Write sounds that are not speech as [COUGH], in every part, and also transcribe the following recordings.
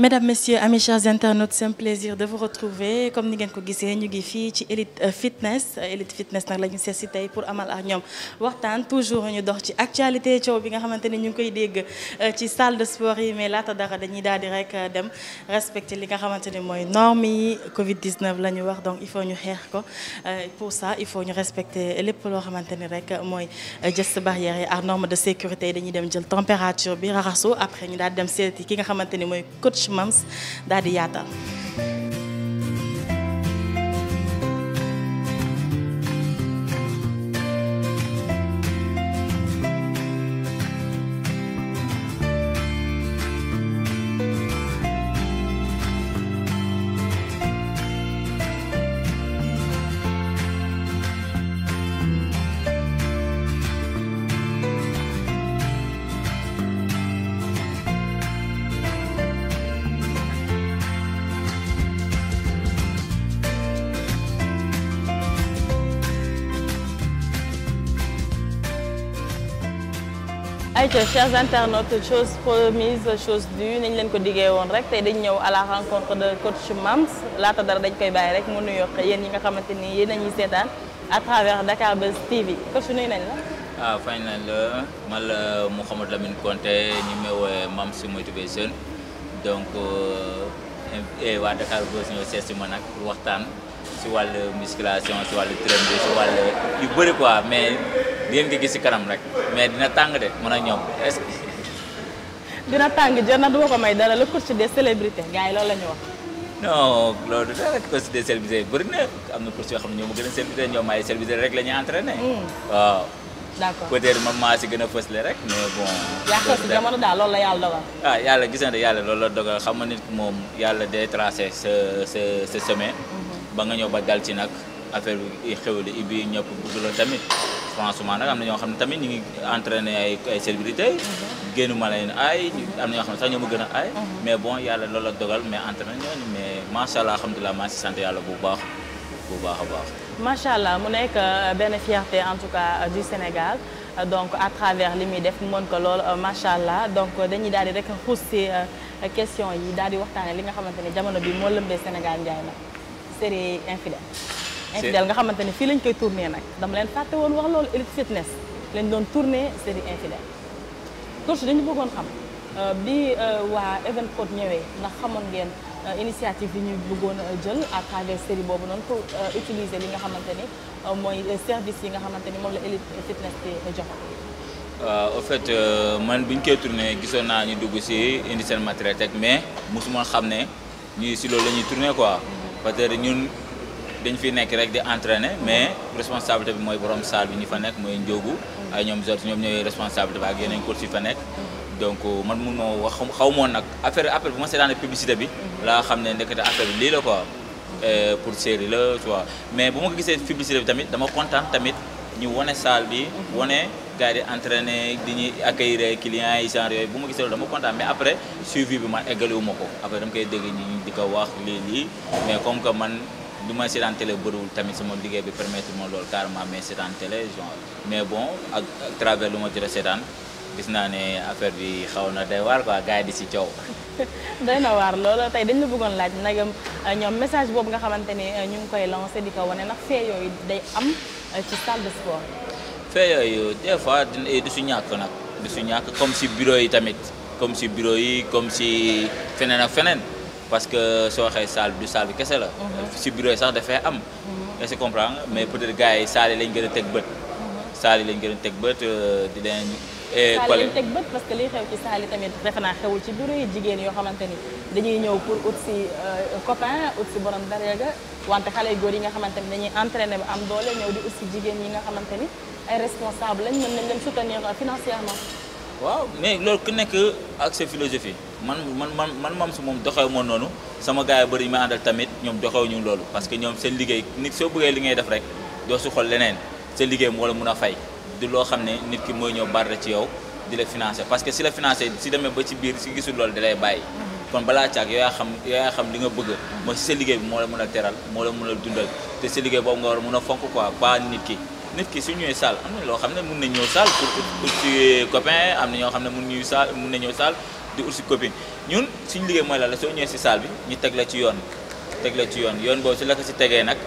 mesdames messieurs amis chers internautes c'est un plaisir de vous retrouver comme ni ngeen ko gisee ñu ngi fii ci Elite euh, Fitness Elite Fitness nag la ñu seet si tey pour amal ak ñoom waxtaan toujours ñu dox ci actualité coow bi nga xamante ni ñu ngi koy dégg euh, ci salle de sport yi mais laata dara dañuy daal di rek euh, dem respecter li nga xamante ni mooy normes yi Covid 19 la ñu wax donc il faut ñu xeex ko pour ça il faut ñu respecter lépp loo xamante ni rek mooy geste barrière yi ak norme de sécurité dañuy dem jël température bi raxasu après ñu daal dem seeti ki nga xamante ni mooy Mams daal di yaatal. ayca chers internautes chose promise chose due nañ leen ko diggee woon rek tey dañ ñëw à la rencontre de coach Mams laata dara dañ koy bàyyi rek mu nuyoo ak yéen ñi nga xamante ni yéen a ñuy seetaan à travers Dakar Buzz TV coach nuyu nañ la. ah fay nañ la man la Mouhamadou Lamine Konté ñu may woowee Mams Motivé Jeune donc euh, waa Dakar Buzz ñëw seet si ma nag waxtaan si wàll musculation si wàllu training si wàllu yu bëri quoi mais. di ngeen ko gis si kanam rek mais dina tàng de mën a ñoom est-ce que. dina tàng jër na du ma ko may dara le course des célébrités gars yi loolu la ñu wax. non loolu dara course des célébrités na am na course yoo xam ne ñoo ma gën ñoom ay célébrité rek la ñuy entraîné. Mm. waaw. d'accord peut-être man maa si gën a fësle rek bon. yàqal si jamono daal loolu la yàlla ah, yàlla gis na yàlla loolu la dogal xam nga nit moom yàlla de tracé sa sa sa mm-hmm. ba nga ñëw ba dal ci nag affaire bi xewli ibi ñëpp bëgg la tamit. pansement nag am na ñoo xam ne tamit ñu ngi entraîné ay célébrité mhm. génnu ma leen ay am na ñoo xam ne sax ñoo ma gën ay mhm. mais bon yàlla loolu la dogal mais entraîné ñooñu mais macha allah alhamdulilah maa sant yàlla bu baax bu baax a baax macha allah mu nekk euh, benn fierté en tout cas euh, du Sénégal euh, donc à travers li muy def mën ko lool macha allah donc dañuy daal di rek xuus si question yi daal di waxtaane li nga xamante ne jamono bi moo lëmbee Sénégal njaay nag série infidèle infidèle nga xamante ne fii lañ koy tourné nag dama leen fàtte woon wax loolu élite fitness lañ doon tourné série infidèle coach dañu bëggoon xam euh, bi euh, waa Evenprod ñëwee ndax xamoon ngeen euh, initiative yi ñu bëggoon a jël ak travers série boobu noonu pour utiliser li nga xamante ni mooy service yi nga xamante ni moom la élite fitness di joxe waaw au fait man bi ñu koy tourné gisoon naa ñu dugg si indi seen matériel teg mais mosuma xam ne ñuy si loolu la ñuy tourné quoi mm-hmm. parce que dañ fi nekk rek di entraîner mais responsabilité bi mooy borom salle bi ñu fa nekk mooy njóogu ay ñoom jot ñoom ñooy responsabilité bi ak yeneen course yi fa nekk donc euh, man mënoo wax xaw moon nag affaire après bu ma seetaanee publicité bi laa xam ne ndekete affaire bi lii la quoi euh, pour série la tu mais bu ma gisee publicité bi tamit dama kontaan tamit ñu wane salle bi wane gars yi di entraîner di ñuy accueillir clients yi genre yooyu bu ma gisee loolu dama kontaan mais après suivi bi man eggaliwu ma ko après dama koy di ko wax lii du may seetaan télé bëriwul tamit sama liggéey bi permettre ma loolu carrément mais seetaan télé genre mais bon ak travers lu ma jot a seetaan gis naa ne affaire bi xaw na day waar quoi gars yi di si coow. [LAUGHS] doy na waar loolu tey dañ la bëggoon laaj nag euh, ñoom message boobu nga xamante ne euh, ñu ngi koy lancé di ko wane nag fee yooyu day am euh, ci salle de sport. fee yooyu des fois eh, du su ñàkk nag du su ñàkk comme si bureau yi tamit comme si bureau yi comme si feneen ak parce que soo waxee salle du salle bi kese la. Mhm. si bureau sax dafay am. Mhm. est-ce que mais peut-être gars yi saali lañ gën a teg bët. Mhm. salle lañ gën a teg bët euh, di leen. Eh, collé teg bët parce que liy xew ci salle tamit defe naa xewul ci bureau jigéen yoo xamante ni dañuy ñëw pour ut si euh, copain ut si borom dara ga wante xale góor yi nga xamante ni dañuy entraîner bi am doole ñëw di ut si jigéen yi nga xamante ni ay responsable lañ mën nañ leen soutenir financièrement. waaw mais loolu ku nekk ak sa philosophie. man man man man mam su moom doxew ma noonu sama gars yi bëri ñu ma àndal tamit ñoom doxew ñu loolu parce que ñoom seen liggéey nit soo bëggee li ngay def rek doo su xool leneen seen liggéey moo la mun a fay du loo xam ne nit ki mooy ñëw barre ci yow di la financé parce que si la financé si demee ba ci biir si gisul loolu da lay bàyyi kon balaa caag xam li nga bëgg mooy si sa liggéey moo la mën a teral moo la mën a dundal te sa liggéey boobu nga a mën a fonk nit ki nit ki su ñëwee saal am na loo xam ne mun na ñëw saal pour am na ñoo xam ne mun ñuy saal mun na ñëw saal di ut si copine ñun suñu liggéey mooy la la soo ñëwee si salle bi ñu teg la ci yoon teg la ci yoon yoon boobu si la ko si tegee nag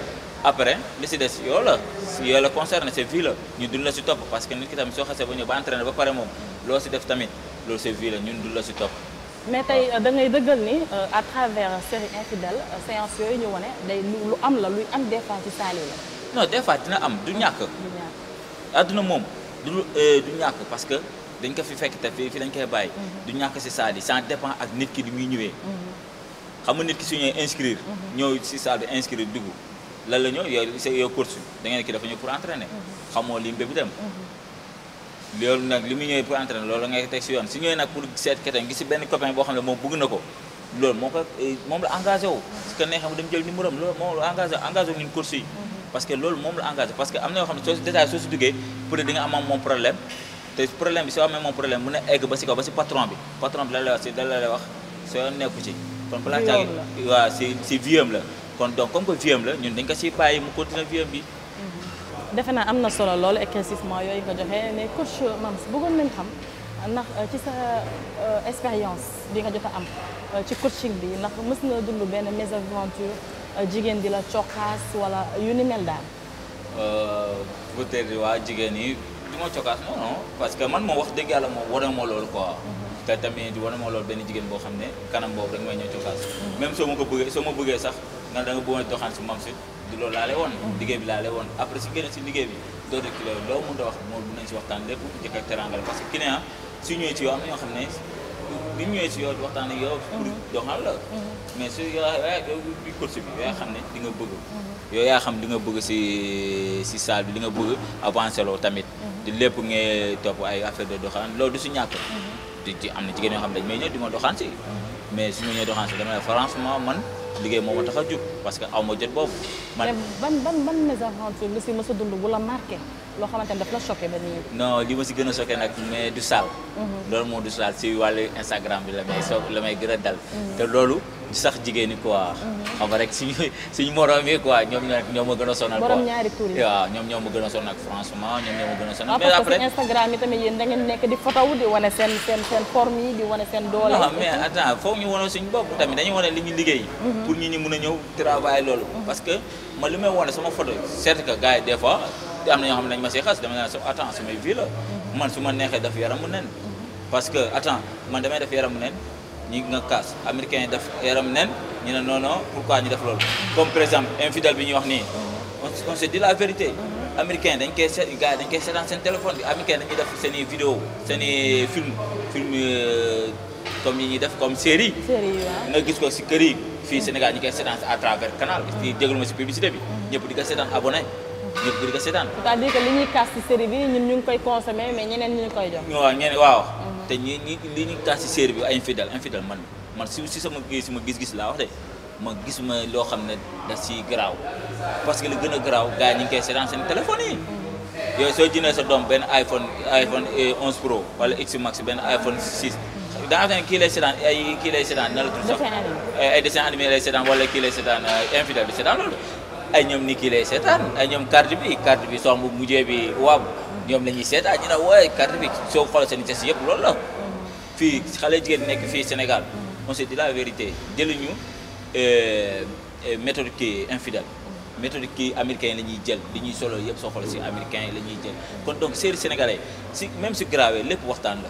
après li si des yoo la yoo la concerné c'est vie la ñu dul la si topp parce que nit ki tamit soo xasee ba ñëw ba entraîné ba pare moom loo si def tamit loolu c'est ñun dul la si topp mais tey euh, da ngay dëggal ni euh, à travers série infidèle euh, séance yooyu ñu day lu am la luy am des ci salle la non des dina am du ñàkk adduna mo parce que dañ ko fi fekk te fii fi lañ koy bàyyi. Mhm. du ñàkk si saal yi dépend ak nit ki di muy ñëwee. Mhm. xam nga nit ki su ñëwee inscrire. Mhm. ñëw si saal bi inscrire dugg. lan la ñëw yow yow course da ngeen ki dafa ñëw pour entraîner. xamoo lim bi dem. loolu nag li muy ñëwee pour entraîner loolu ngay teg si yoon si ñëwee nag pour seet kete gi si benn copain boo xam ne moom bëgg na ko. loolu moo ko eh, moom la engagé parce que nee xam dem jël numéro am loolu moom la engagé loolu moom te problème bi soo amee moom problème mun na egg ba si kaw ba si patron bi patron bi la lay wax si wax nekku ci kon balaa waaw si si la kon donc comme que vieux la ñun dañ ko siy bàyyi mu continuer vieux bi mhm. defe naa am na solo loolu éclaircissement yooyu nga joxe mais coach Mams bëggoon nañ xam ndax euh, ci sa euh, expérience bi nga jot a am euh, ci coaching bi ndax mës nga dund benn mésaventure jigéen di la cokkaas wala yu ni mel daal. peut bi waa jigéen yi. moo cokaas parce que man moom wax dëgg moom wane ma loolu quoi mm-hmm. te tamit wane ma loolu benn jigéen boo xam ne kanam boobu rek ñëw cokaas mm-hmm. même soo ma ko bëggee soo ma bëggee sax nga ne da a doxaan si mam si du loolu laa lay mm-hmm. liggéey bi laa lay après si génn si liggéey bi doode kilo loo mën a wax moom bu nañ si waxtaan lépp njëkk ak teraanga parce que client su ñëwee ci yow am ñoo xam ne bi ñu si yow waxtaan ak yow. pour doxal mhm. la. Mhm. mais su yaa yow di coach bi yaa xam ne di nga bëgg. Mhm. yow yaa xam di nga bëgg si si salle bi di nga bëgg avancé loo tamit. di lépp ngay topp ay affaire de doxaan loolu du si ñàkk. di ci am na jigéen yoo xam ne dañ may ñëw di ma doxaan si. mais su ma ñëwee doxaan si dama ne franchement man liggéey moo ma tax a jug parce que aw ma jot boobu. man ban ban ban mésaventure nga si mës a dund bu la marqué. loo xamante ne daf la choqué ba nii. non ma si gën a choqué nag mais du sal mhm. loolu moo du sal si wàllu Instagram bi la may so la may gën a dal. Mhm. te loolu du sax jigéen ñi quoi. Mhm. xam nga rek suñu suñu morom yi quoi ñoom ñoo ma gën a sonal. borom ñoom ñoo ñoom ñoo ma gën a sonal. mais après parce nekk di fotow di wane seen seen seen forme yi di wane seen doole. non mais attends foog ñu wane suñu bopp tamit dañu wane li ñu liggéey. pour ñi ñi mën a ñëw travailler loolu. parce que man li may wane sama photo certes que gars yi fois te am na ñoo xam ne dañ ma see xas dama naan su attends su may vie la mm-hmm. man su ma neexee daf yaramu nen mm-hmm. parce que attends man damay def yaramu nen ñi nga def yaram nen ñu ne non non pourquoi ñu def loolu mm-hmm. comme par exemple bi ñuy wax nii on se la vérité américain dañ koy seet koy seetaan seen téléphone bi américain dañuy def seen i vidéo seen i film film euh, comme yi ñuy def comme série nga gis ko si kër yi fii Sénégal ñu koy seetaan à travers canal di déglu ma si publicité bi ñëpp di ko seetaan abonné ñëpp di ko seetaan. c'est-à-dire li ñuy kaas ci série bi ñun ñu ngi koy consommer mais ñeneen ñu ngi koy jox. waaw ñeneen waaw. Mhm. te ñi li ñuy kaas ci série bi ay infidèle infidèle man man si si sama gis ma gis-gis laa wax de ma gis ma loo xam ne da si garaaw parce que li gën a garaaw gars yi ñu ngi koy seetaan seen téléphone yi. Mhm. yooyu soo jëndee sa doom benn iPhone iPhone 11 eh, Pro wala X Max benn iPhone 6. da nga xam ne kii lay seetaan ay kii lay seetaan na la tudd sax ay dessin wala kii lay seetaan infidèle ay ñoom ni kii lay seetaan ay ñoom carte bi carte bi somb mujjee bi waaw ñoom la ñuy seetaan ñu ne waaye carte bi soo xoolee seen test yëpp loolu la fii xale jigéen nekk fii Sénégal on se dit la vérité jëluñu euh, euh, méthode kii infidèle méthode kii américain la ñuy jël li ñuy solo yëpp soo xoolee si américain la ñuy jël kon donc série sénégalais si même si grave lépp waxtaan la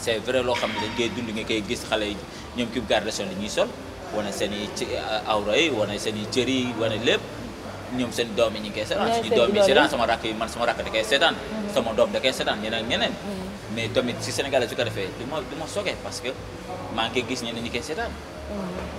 c'est vrai loo xam ne dañ koy dund nga koy gis xale yi ñoom cube gardation li ñuy sol wane seen i ci euh, awra wane seen i cër yi wane lépp ñoom seen doom yi ñu ngi koy seetaan suñu doom yi seetaan sama rakk yi man sama rakk da koy seetaan mm. sama doom da koy seetaan ñeneen ñeneen mm. mais tamit si Sénégal su ko defee du ma du ma soge parce que maa ngi koy gis ñeneen ñi koy seetaan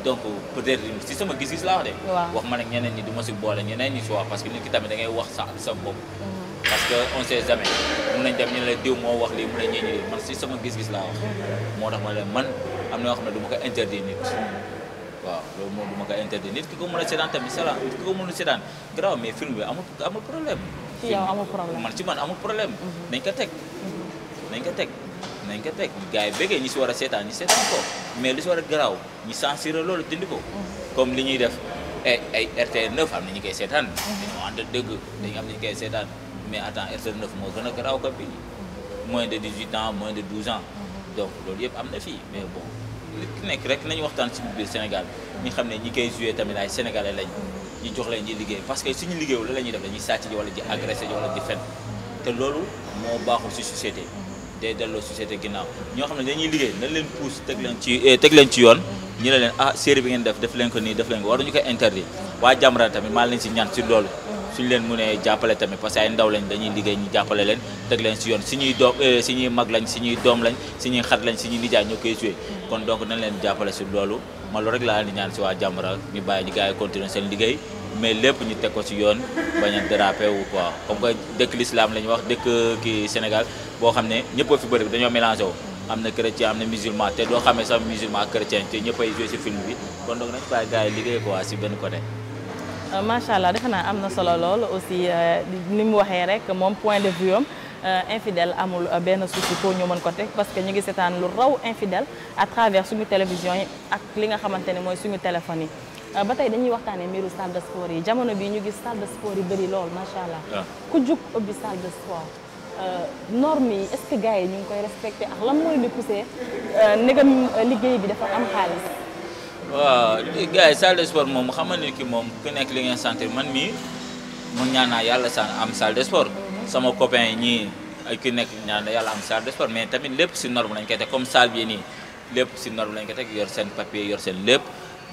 donc peut-être si sama gis-gis laa wax de. wax man ak ñeneen ñi du ma si boole ñeneen ñi si wax parce que nit ki tamit da ngay wax sa sa bopp. Mhm. parce que on sait jamais mun nañ dem ñu la diw moo wax lii mun nañ ñeeñu lii man si sama gis-gis laa wax. Mhm. moo tax ma ne man am na yoo xam ne du ma ko interdire nit. Mhm. waaw loolu moom du ma ko interdire nit ki ko mën a seetaan tamit c'est là ki ko mënul seetaan grave mais film bi amul problème. man ci man amul problème. nañ ko teg nañ ko teg. nañ ko teg gars yi bëggee ñi si war a seetaan ñi seetaan ko mais li si war a garaaw ñi censuré loolu dindi ko. Mm-hmm. comme li ñuy def eh, ay ay RTR am na ñu koy seetaan. Mm-hmm. dañoo ànd dëgg mm-hmm. dañu am na ñu koy seetaan mais attends RTR 9 moo gën a garaaw ko bii moins de 18 ans moins de 12 ans. donc loolu yëpp am na fii mais bon li nekk rek nañu waxtaan ci biir Sénégal ñu xam ne ñi koy joué tamit ay sénégalais lañ ñu jox leen ñi liggéey parce que suñu liggéeyu la la ñuy def dañuy sàcc ji wala ji agressé ji wala loolu moo baaxul ci société day delloo société ginnaaw ñoo xam ne dañuy liggéey nañ leen pousse teg leen ci mm-hmm. eh, teg yoon ñu ne leen ah série bi ngeen def def leen ko nii def leen ko waruñu ko interdit waa Jamra tamit maa leen si ñaan si loolu suñ leen mënee jàppale tamit parce que ay ndaw lañ dañuy liggéey ñu jàppale leen teg leen si yoon si ñuy doom eh, si ñuy mag lañ si ñuy doom lañ si ñuy xat lañ si ñuy nijaay ñoo koy joué kon donc nañ leen jàppale si loolu ma loolu rek laa leen di ñaan si waa Jamra ñu bàyyi ñu gars seen liggéey mais lépp ñu teg ko ci yoon bañ a dérapé wu quoi comme que dëkk l'islam la ñuy wax dëkk kii Sénégal boo xam ne ñëpp a fi bëri dañoo mélangé wu. am na chrétien am na musulman te doo xamee sax musulman ak chrétien te ñëpp ay joué ci film bi kon donc nañ faa gars yi liggéey quoi ci benn côté. Euh, macha allah defe am na solo lool aussi euh, ni mu waxee rek moom point de vue am euh, infidèle amul benn souci pour ñu mën ko teg parce que ñu ngi seetaan lu raw infidèle à travers suñu télévision yi ak li nga xamante ne mooy suñu téléphone yi. Euh, ba tey dañuy waxtaanee mbiru salle de sport yi jamono bi ñu gis salle de sport yi bëri lool macha allah. Ah. ku jug ubbi salle de sport. Euh, normes yi est-ce yi ñu ngi koy respecté ak lan mooy li poussé euh, ndegam liggéey bi dafa am xaalis. waaw gars yi salle de sport moom xam ni ki moom ku nekk li ngeen sentir man mii mu ñaan naa yàlla sa am salle de sport. Mhm. sama copain yi ñii ay ku nekk ñaan na yàlla am salle de sport mais tamit lépp si norme lañ koy teg comme salle bi nii lépp si norme lañ koy teg yor seen papier yor seen lépp.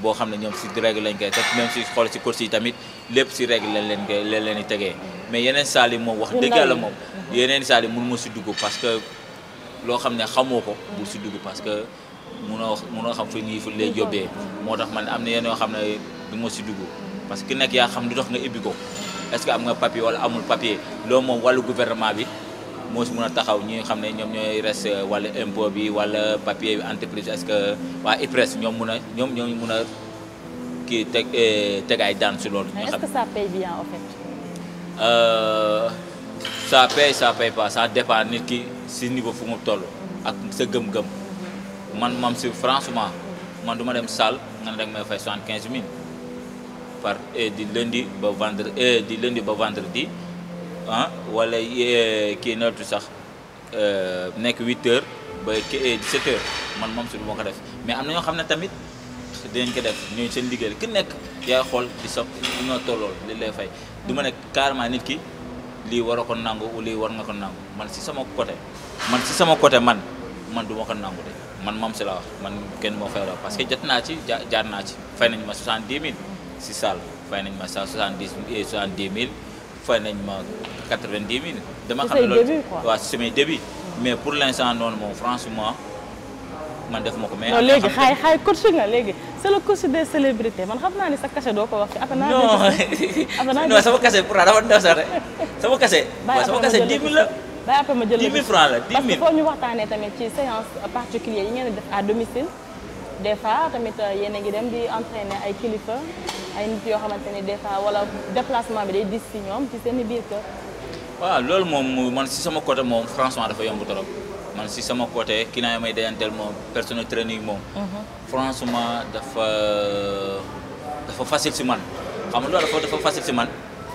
boo xam ne ñoom si règle lañ koy teg même si xool si course yi tamit lépp si règle lañ leen koy leen di tegee mais yeneen saal yi moom wax dëgg yàlla moom yeneen saal yi mënu ma si dugg parce que loo xam ne xamoo ko bu si dugg parce que munoo munoo xam fi nii fu lay jóbee moo tax man am na yeneen yoo xam ne du ma si duggu parce que nekk yaa xam lu tax nga ibbi ko est que am nga papier wala amul papier loo moom wàllu gouvernement bi moo si a taxaw ñi xam ne ñoom ñooy res euh, wala impôt bi wala papier bi entreprise est-ce que waa IPRES ñoom mën a ñoom ñoo mën a kii teg euh, tegaay daan si loolu. est-ce que ça paye bien en fait. Euh, ça paye nit ki si niveau fu mu toll. ak sa gëm-gëm. man mam si francement man du ma dem salle nga ne rek may fay soixante quinze mille par di lundi ba vendredi di lundi ba vendredi. ah wala kii nootu sax euh, nekk 8 heures ba 17 eh, heures man moom suñu moo ko def mais am na ñoo xam ne tamit dinañ ko def ñooñu seen liggéey ki nekk yaay xool di sopp li nga tollool li lay fay du ma ne carrément nit ki lii war a ko nangu lii war nga ko nangu man si sama côté man si sama côté man man du ma ko nangu de man moom si la wax man kenn moo fay wax parce que jot naa ci ja jaar naa ci fay nañ ma 70 000 si saal fay nañ ma 70 70 000 fay nañ ma. quatre-vingt-dix mille. dama xam ne loolu waaw c'est mes débuts mais pour l'instant noonu moom franchement man def ma ko mais. non léegi xaay xaay coach nga léegi c'est le coach des célébrités man xam naa ne sa cachet doo ko wax ci après naa. non [LAUGHS] non sama cachet pourtant dafa ndaw sax rek sama cachet. waaw sama cachet dix mille la. bàyyi après ma jël dix mille francs la dix mille parce que foo ñu waxtaanee tamit ci séance particulière yi ngeen di def à domicile. des fois tamit euh, yéen a ngi dem di entraîner ay kilifa ay nit yoo xamante ni des fois wala déplacement bi day dis ci ñoom ci seen i biir kër. waaw loolu moom man si sama côté moom franchement dafa yomb trop man si sama côté client yi may dajanteel moom personal training moom. Mhm. franchement dafa dafa facile si man xam nga dafa dafa si man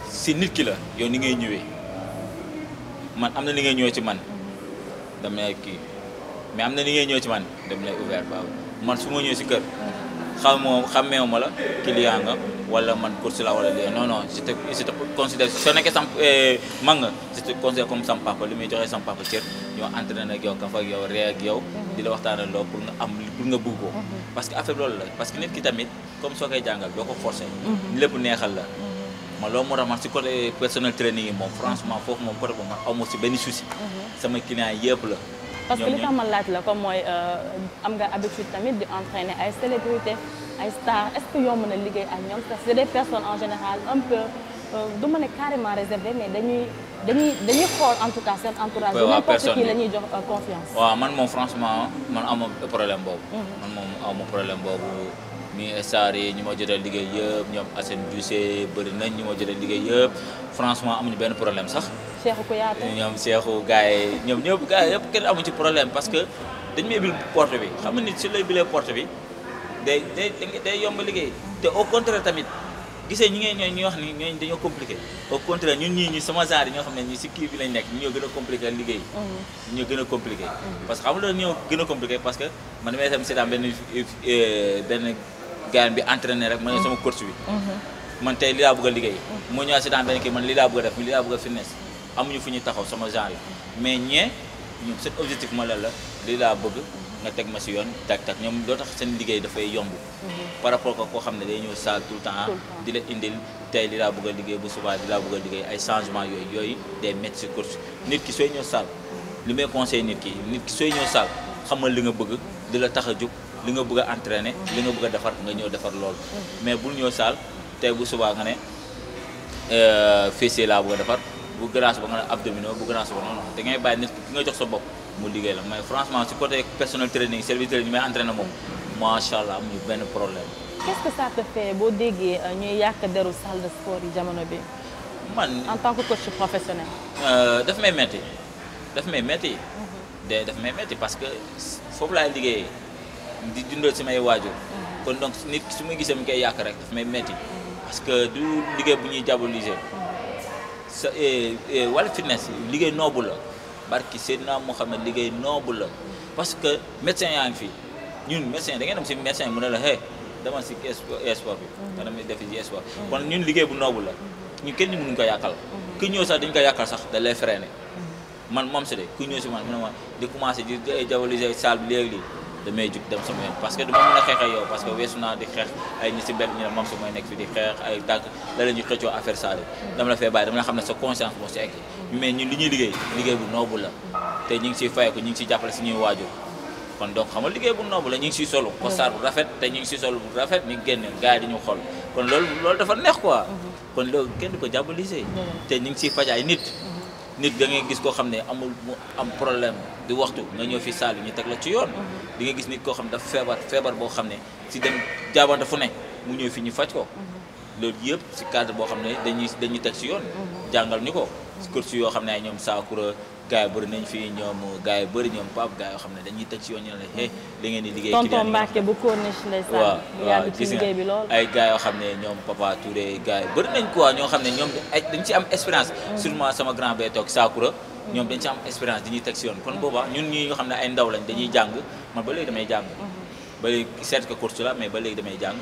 si nit ki la yow ni ngay ñëwee man am na ni ngay ñëwee ci man dama lay kii mais am na ni ngay ñëwee ci man dama lay ouvert waaw man su ma ñëwee si kër. xamoo xammeewu ma la client nga wala man course la wala léegi non non je soo nekkee sam euh, mag nga je te comme sam papa li muy joxee sam papa cër ñoo entraîné ak yow kafa ak yow ree ak yow di la waxtaanal loo pour nga am pour nga bëgg ko mhm. parce que affaire loolu la parce que nit ki tamit comme soo koy jàngal doo ko forcé mhm. lépp neexal la mhm. ma loolu moo tax man si côté personnel training yi moom franchement foofu moom côté boobu man amoo yëpp la parce que li tax ma laaj la comme mooy euh, am nga habitude tamit di entraîner ay célébrité ay star est-ce que yomb na liggéey ak ñoom parce que c'est des personnes en général un euh, ma ne carrément réservé mais dañuy dañuy dañuy xool en tout cas seen entourage. waaw n'importe qui la ñuy jox euh, confiance. waaw man moom franchement man amoo problème boobu. Mm-hmm. man boobu. mi star yi ñi ma jot liggéey yëpp ñoom Assane Diousé bëri nañ ñi ma jot a liggéey yëpp franchement amuñu benn problème sax. Cheikhou Kouyaté ñoom Cheikhou gars yi ñoom ñëpp gars kenn amu ci problème parce que dañ may bil porte bi xam nga nit si lay bilee porte bi day day day yomb liggéey te au contraire tamit. gisee ñi ngeen ñooy ñuy wax ni ñooñu dañoo compliqué au contraire ñun ñii ñu sama genre ñoo xam ne ñu si kii bi lañ nekk ñu ñoo gën a compliqué liggéey ñu mm-hmm. ñoo gën a mm-hmm. parce que xam nga gaañ bi entraîné rek ma ne sama coach bi man tey li laa bëgg a liggéey moo ñëwaat si dans benn kii man li laa bëgg a def li laa bëgg a fitness amuñu fu ñuy taxaw sama genre yi mais ñee ñoom seen objectif ma la la li laa bëgg nga teg ma si yoon tak tak ñoom loo tax seen liggéey dafay yomb par rapport que koo xam ne day ñëw saal tout temps di la indil tey li laa bëgg a liggéey bu subaa li laa bëgg a liggéey ay changement yooyu yooyu day métti si course a li nga bëgg a li nga bëgg a defar nga ñëw defar loolu mais bul ñëw saal te bu subaa nga ne euh, fessier laa bëgg a defar bu grâce ba nga ne abdominaux bu grâce ba nga ne da ngay bàyyi nit ki nga jox sa bopp mu liggéey la mais franchement si côté personnel training service training may entraîner moom macha allah muy benn problème. qu'est-ce que ça te fait boo déggee euh, ñuy yàq deru salle de sport yi jamono bi. man en tant que coach professionnel. Euh, daf may metti daf may metti. Mm-hmm. de daf may metti parce que foofu laay liggéeyee. di dundal samay waajur mm-hmm. kon donc nit su ma gisee mu koy yàq rek daf may metti mm-hmm. parce que du liggéey bu ñuy diaboliser mm-hmm. sa eh, eh, wala fitness liggéey noobu la barki xam ne liggéey noobu la parce que médecin yaa ngi fii ñun médecin da ngeen dem si médecin mu ne la hé dama si sport bi nga dem def si sport kon ñun liggéey bu noobu la ñu kenn mënuñ ko yàqal ku sax dañ ko yàqal sax da lay freiné man moom si de ku ñëw si man ma di commencé di diaboliser salle bi léegi lii damay jug dem sama yoon parce que duma mën a xeex yow parce que weesu naa di xeex ay ñi si benn ñu ne mam su may nekk fi di xeex ay tànk la la ñuy xëccoo affaire Saliou dama la fee bàyyi dama la xam ne sa conscience moo si egg mais ñun li ñuy liggéey liggéey bu noble la te ñu ngi siy fayeku bu la ñu ngi siy solo kosaar mm-hmm. bu rafet te ñu ngi siy solo bu rafet ñu génn di ñu xool kon loolu loolu dafa neex quoi mm-hmm. kon loolu kenn du ko mm-hmm. te ñu ngi siy faj ay nit nit da ngay gis koo xam ne amul mu am problème du waxtu nga ñëw fi saal ñu teg la ci yoon mhm. di nga gis nit koo xam ne dafa feebar feebar boo xam ne si dem jaabante fu ne mu ñëw fi ñu faj ko mhm. loolu yëpp si cadre boo xam ne dañ dañuy teg si yoon mhm. jàngal ñu ko kër si yoo xam ne ay ñoom saakura gaay bëri nañ fi ñoom gaay bëri ñoom Pape gaay yoo xam ne dañuy teg si yoon ñu ne la eh da yoo xam ne ñoom Papa Touré gaay bëri nañ quoi ñoo xam ne ñoom dañ ci am expérience. sûrement sama grand bay toog Sakura. ñoom dañ ci am expérience di ñuy teg si yoon kon boobaa ñun ñi nga xam ne ay ndaw lañ dañuy jàng man ba léegi damay jàng mhm. ba léegi certes que course mais ba léegi damay jàng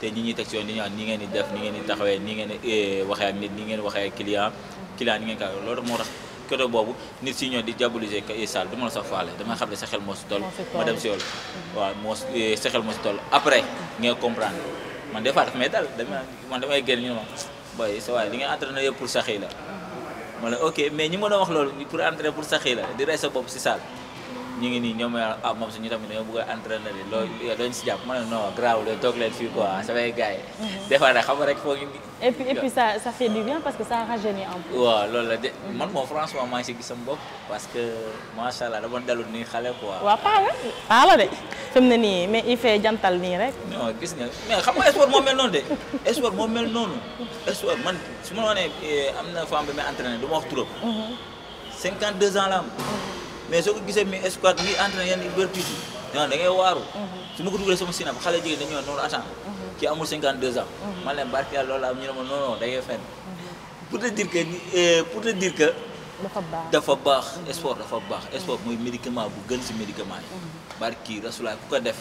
te ñi ñuy teg si yoon di ñu wax ngeen di def ñu ngeen di taxawee eh, ni ngeen di waxee ak nit ni ngeen waxee ak client client ni ngeen ka loolu moo tax côté boobu nit si ñoo di diaboliser que Issa du ma la sax faale dama xam ne sa xel moo si toll ma dem si yoon mhm. waaw moo eh, sa xel moo si toll après ngeen comprendre man des fois daf may dal damay génn ñu ne ma boy sa waay li ngeen sax yi la mhm. ma ne ok mais ñi ma doon wax loolu pour entrer pour saxee la di rey sa bopp si salle ñu ngi nii ñoom ah moom suñu tamit dañoo bëgg a entraîner leen loolu dañ si jàpp ma ne non grave la toog leen fii quoi samay ah, gars yi. Mhm. des xam rek foog ñu. et puis et puis ça ça fait du bien parce que ça rajeunit un peu. la de mhm. man moom franchement maa si gis sama bopp parce que macha allah dama dalul nii xale quoi. waaw paa la la de fi mu nii mais il fait jantal nii rek. non gis nga mais xam nga sport moo mel noonu de sport moo man su ma la nee eh, am na femme bi may entraîner du ma wax trop. 52 mhm. mais soo ko gisee mi escouade mi entraîné yenn vertus yi non da ngay waaru mhm. su ma ko dugalee sama sinam xale jigéen dañu noonu attend mhm. kii amul 52 mhm. man leen barke yàlla loolu am ñu ne ma non non fenn pour te euh, dafa baax dafa baax sport dafa baax sport mooy médicament bu gën si médicament yi. barki rasulaay ku ko def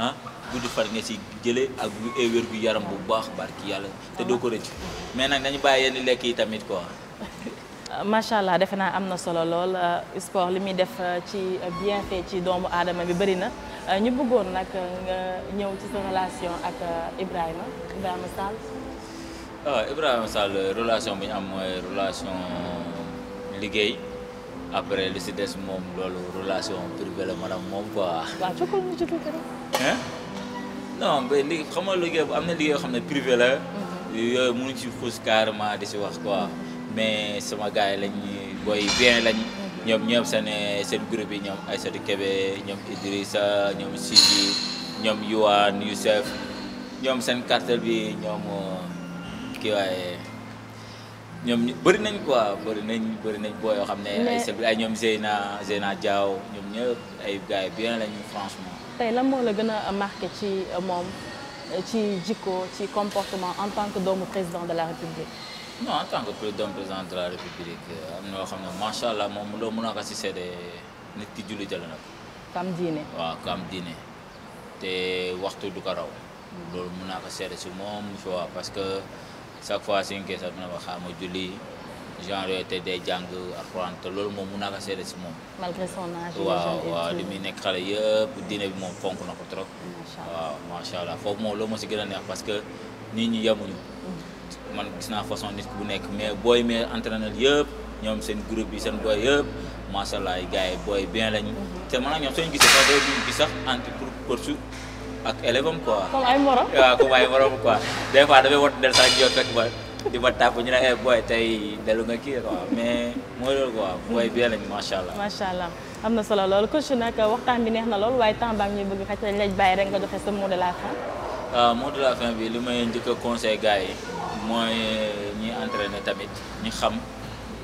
ah guddi far nga si jële ak bu wér gu yaram bu baax barki yàlla te doo ko rëcc mais nag nañu bàyyi yenn lekk yi tamit quoi. [LAUGHS] macha allah defe naa am na solo lool euh, sport li muy def euh, ci bien bienfait ci doomu aadama bi bëri na euh, ñu bëggoon nag nga ñëw ci sa relation ak Ibrahima Ibrahima Sall. waaw ah, Ibrahima Sall relation bi ñu am relation liggéey. après li si des moom loolu relation privée la maanaam moom quoi. waaw jokkoo ñu ci tuuti rek. non mais li xam nga liggéey bu am na liggéey yoo xam ne privé la. Mm-hmm. yooyu mënuñ si xuus carrément di si wax quoi. mais sama gars yi lañ booy bien lañ ñoom ñoom seen seen groupe yi ñoom Aïssatou Kébé ñoom Idrissa ñoom Sidi ñoom Youane Youssef ñoom seen cartel bi ñoom euh, kii waaye ñoom bëri nañ quoi bëri nañ bëri nañ boo yoo xam ne. ay sëb ay ñoom Zeyna Zeyna Diaw ñoom ñëpp ay gars yi bien lañu franchement. tey lan moo la gën a marqué ci moom ci jikko ci comportement en tan que doomu président de la République. non en tant que président de la république am na loo macha allah moom loo mën a ko si seede nit ki julli jële na waaw kam diine te waxtu du ka raw. Mm. loolu mën naa ko seede si moom tu vois parce que chaque fois si nga sax dina xaama ah, julli genre te day jàng alxuraan te loolu moom mën naa ko si moom. waaw waaw li muy nekk xale yëpp diine bi moom fonk na ko trop. waaw macha allah foofu moom loo ma si gën a neex parce que nit ñi yemuñu. man gis naa façon nit bu nekk mais booy mais entraîneur yëpp ñoom seen groupe yi seen booy yëpp macha allah gars yi booy bien lañu. te maanaam ñoom suñu gisee sax day gis sax entre pour poursuivre ak élève am quoi. comme ay morom waaw comme ay dafay war a dellu sax jiw fekk ba di ba tàpp ñu ne eh booy tey dellu nga kii quoi mais mooy loolu quoi booy bien lañu macha allah. macha allah am na solo loolu coach nag waxtaan bi neex na lool waaye ah, a mooy ñuy entraîné tamit ñu xam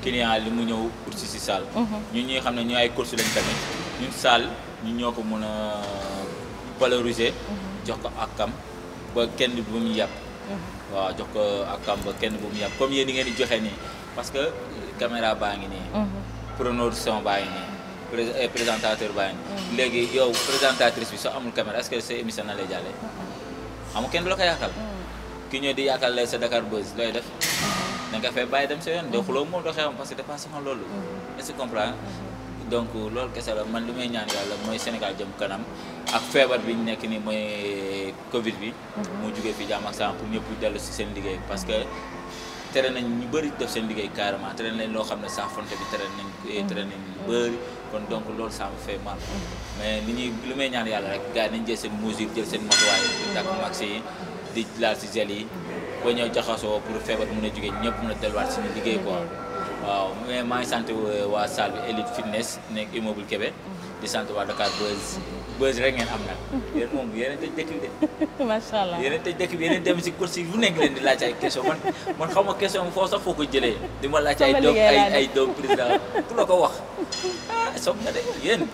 client li mu ñëw pour si si salle. Mhm. ñun xam ne ñu ay course lañ tamit ñun salle ñu ñoo ko mën a valoriser. Mhm. jox ko akam ba kenn bu mu yàpp. Mhm. waaw jox ko akam ba kenn bu mu yàpp comme yéen ni ngeen di joxe nii parce que caméra baa ngi nii. preneur baa ngi nii. présentateur baa ngi léegi yow présentatrice bi soo amul caméra est-ce que sa émission na lay jàllee. xam kenn du la ko yàqal. ki ñëw di yaakaar lay sa Dakar Buzz looy def mm-hmm. da nga bàyyi dem sa yoon mm-hmm. xuloo moom do xewam parce que dépassé na loolu mm-hmm. est-ce que comprend donc loolu kese la man li may ñaan yàlla mooy Sénégal jëm kanam ak feebar bi ñu nekk nii mooy Covid bi mu jugee fi jàmm ak saam pour ñëpp dellu si seen liggéey parce que tere nañ ñu bëri def seen liggéey carrément tere nañ loo xam ne saa fonte bi tere nañ eh, tere nañ ñu bëri kon donc loolu ça me fait mal mais li ñuy ñaan yàlla rek nañ jël seen mesure jël seen di laal si gel yi ba ñëw jaxasoo pour feebar mun a jógee ñëpp mun a delluwaat suñu liggéey quoi waaw mais maa ngi sant waa salle bi Elite Fitness nekk immeuble Kébé di sant waa Dakar Buzz buzz rek ngeen am nag yéen moom yéen a tëj bi de [LAUGHS] macha allah yéen a tëj dëkk bi yéen si course yi bu nekk leen di laaj ay question man man xaw ma question foo sax foo ko jëlee di ma laaj ay doom ay ay président ku la ko wax ah sob de yéen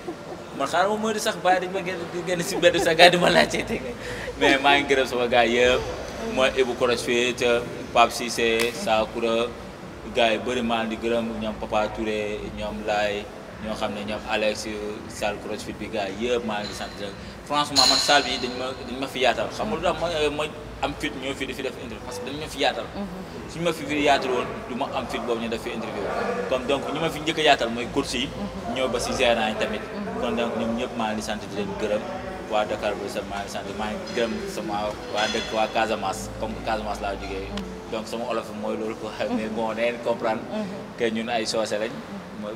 man xaaral ma moytu sax bàyyi dañ ma génn di génn si mbedd sax gars yi di ma laajte teg mais maa ngi gërëm sama gars yëpp mooy Ibou Crossfit Pape Cissé Sakura gars yi bëri maa di gërëm ñoom Papa Touré ñoom Laye ñoo xam ne ñoom Alex salle Crossfit bi gars yëpp maa ngi sant rek franchement man salle bi dañ ma dañ ma fi yaatal xam nga lu tax ma am fit ñoo fi di fi def interview parce que dañ ma fi yaatal mhm. suñu ma fi fi yaatal woon du ma am fit boobu ñu def fi interview comme donc yaatal mooy course yi mhm. ñëw ba si kon donc ñoom ñëpp maa ngi di sant di leen gërëm waa Dakar bu set maa ngi di sant maa ngi gërëm sama waa dëkk waa Casamance comme Casamance laa jógee donc sama olof mooy loolu ko xam ne bon dañu comprendre mhm. que ñun ay soose lañ mooy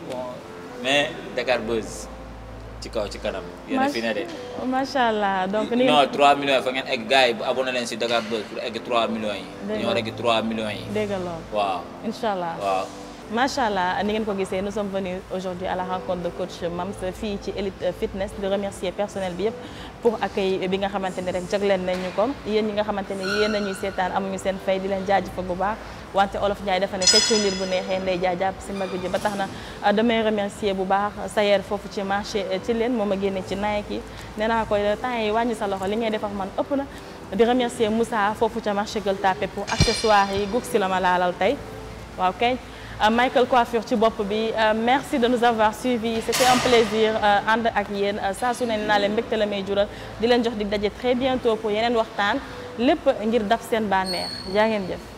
mais Dakar Buzz ci kaw ci kanam. yéen a fi ne de. macha allah donc nii. non 3 millions fa ngeen egg gars bu abonné leen si Dakar Buzz pour egg 3 millions yi. dëgg ñoo egg 3 millions yi. waaw incha allah macha allah ni ngeen ko gisee nous sommes venus aujourd'hui à la rencontre de coach Mams fii ci Elite Fitness di remercier personnel bi yëpp pour accueil bi nga xamante ne rek jagleen nañu ko yéen ñi nga xamante ne yéen nañuy seetaan amuñu seen fay di leen jaaj jaajëfal bu baax wante olof Ndiaye dafa ne feccu liir bu neexee ndey jaajàpp si mbagg ji ba tax na euh, damay remercier bu baax sayeer foofu ci marché euh, ci leen moom a génne ci Nike yi nee naa ko euh, temps yi wàññi sa loxo li ngay def man ëpp na di remercier Moussa foofu ca marché Gueule Tapée pour accessoires yi guug si la ma laalal tey waaw Euh, Michael Coiffure ci bopp bi euh, merci de nous avoir suivis c'était un plaisir euh, ànd ak yéen saa su ne naa leen mbégte may jural di leen jox di daje très bientôt pour yeneen waxtaan lépp ngir daf seen bànneex yaa ngeen jëf